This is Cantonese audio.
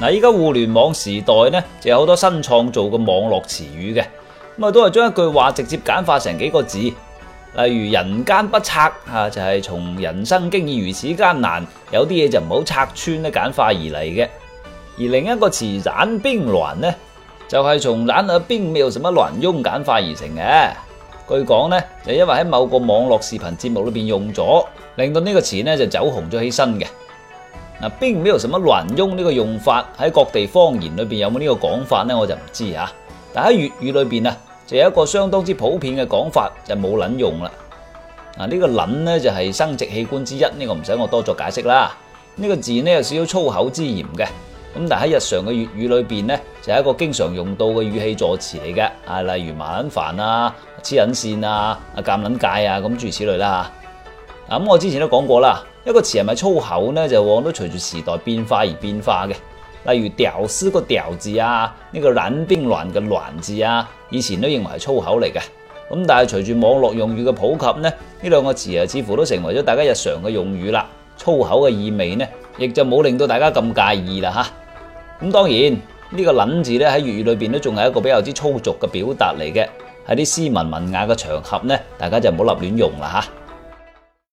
嗱，依家互聯網時代咧，就有好多新創造嘅網絡詞語嘅，咁啊都係將一句話直接簡化成幾個字，例如「人艱不拆」啊，就係、是、從人生已經如此艱難，有啲嘢就唔好拆穿咧，簡化而嚟嘅。而另一個詞「然 並卵」咧，就係從然啊並冇什麼卵用簡化而成嘅。據講咧，就因為喺某個網絡視頻節目裏邊用咗，令到這個詞呢個詞咧就走紅咗起身嘅。嗱，並唔知有什麼卵用，呢個用法喺各地方言裏面有冇呢個講法呢？我就唔知嚇。但喺粵語裏面，啊，就有一個相當之普遍嘅講法，就冇卵用啦。嗱、啊，呢、這個卵呢，就係、是、生殖器官之一，呢、這個唔使我多作解釋啦。呢、這個字呢，有少少粗口之嫌嘅，咁但喺日常嘅粵語裏面，呢就係、是、一個經常用到嘅語氣助詞嚟嘅。啊，例如麻卵煩啊、黐卵線啊、啊尷卵尬啊，咁諸如此類啦嚇。咁、啊嗯、我之前都講過啦，一個詞係咪粗口呢？就往都隨住時代變化而變化嘅。例如屌絲個屌字啊，呢、這個冷冰卵嘅卵字啊，以前都認為係粗口嚟嘅。咁、嗯、但係隨住網絡用語嘅普及呢，呢兩個詞啊，似乎都成為咗大家日常嘅用語啦。粗口嘅意味呢，亦就冇令到大家咁介意啦吓。咁、嗯、當然呢、這個卵字呢，喺粵語裏邊都仲係一個比較之粗俗嘅表達嚟嘅，喺啲斯文文雅嘅場合呢，大家就唔好立亂用啦吓。